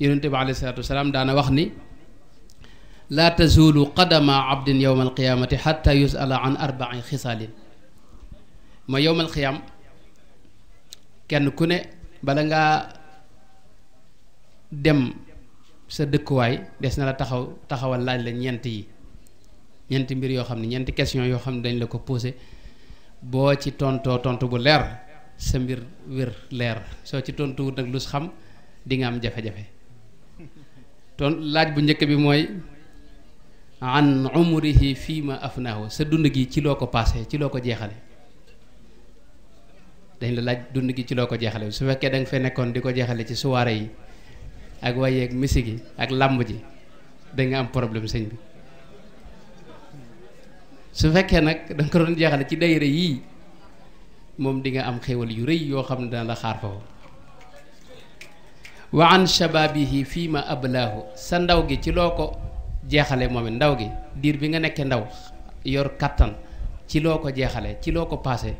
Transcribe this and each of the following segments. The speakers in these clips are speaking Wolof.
يرنتب عليه الصلاة والسلام دعنا وخني لا تزول قدم عبد يوم القيامة حتى يسأل عن أربع خصال ما يوم القيامة كان كنا بلغا دم سدكواي ديسنا لا تخاو تخاو الله لا نينتي ينتي مير يو خامني نينتي كاسيون تون خامني تون لاكو بوسي بو تي تونتو تونتو بو لير سمير وير لير سو تون تونتو نك لوس خام دي غام جافا جافا ton laaj bu njëkk bi mooy an umrihi fii ma naaw sa dund gi ci loo ko paase ci loo ko jeexale dañ la laaj dund gi ci loo ko jeexale su fekkee da nga nekkoon di ko jeexale ci soirée yi ak wayeeg misi gi ak làmb ji da am problème sëñ bi su fekkee nag da ko doon jeexale ci dayre yii moom di nga am xéwal yu rëy yoo xam ne dana la xaar foofu wa an shababihi fii ma ablaahu sa ndaw gi ci loo ko jeexale moom it ndaw gi diir bi nga nekkee ndaw yor kattan ci loo ko jeexale ci loo ko paase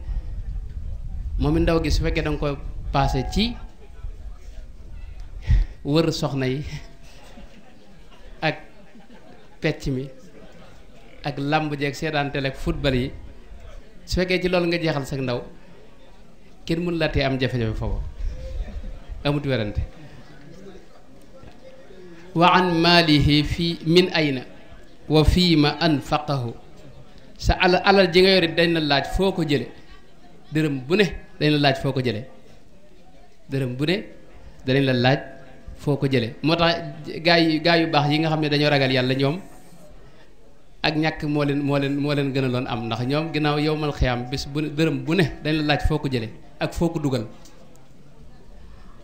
moom it ndaw gi su fekkee danga ko paase ci wër soxna yi ak pecc mi ak làmb jeeg seetaanteel ak football yi su fekkee ci loolu nga jeexal sag ndaw kenn mën la am jafe-jafe foofu amut werante wa an maalihi fii min na wa fii ma anfaqahu sa alal alal ji nga yor yore dañ la laaj foo ko jële dërëm bu ne dañ la laaj foo ko jële dërëm bu ne danañ laaj foo ko jële moo tax gaa yi gaa yu baax yi nga xam ne dañoo ragal yàlla ñoom ak ñàkk moo leen moo leen moo leen gën a loon am ndax ñoom ginnaaw yowmal xiyaam bés bu dërëm bu ne dañ la laaj foo ko jële ak foo ko dugal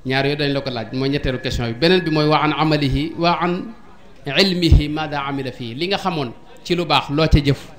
ñaar yo dañ la ko laaj mooy ñettelu question bi benen bi moy wa an amalihi wa an ilmihi ma da amila fi li nga xamone ci lu bax lo ca jëf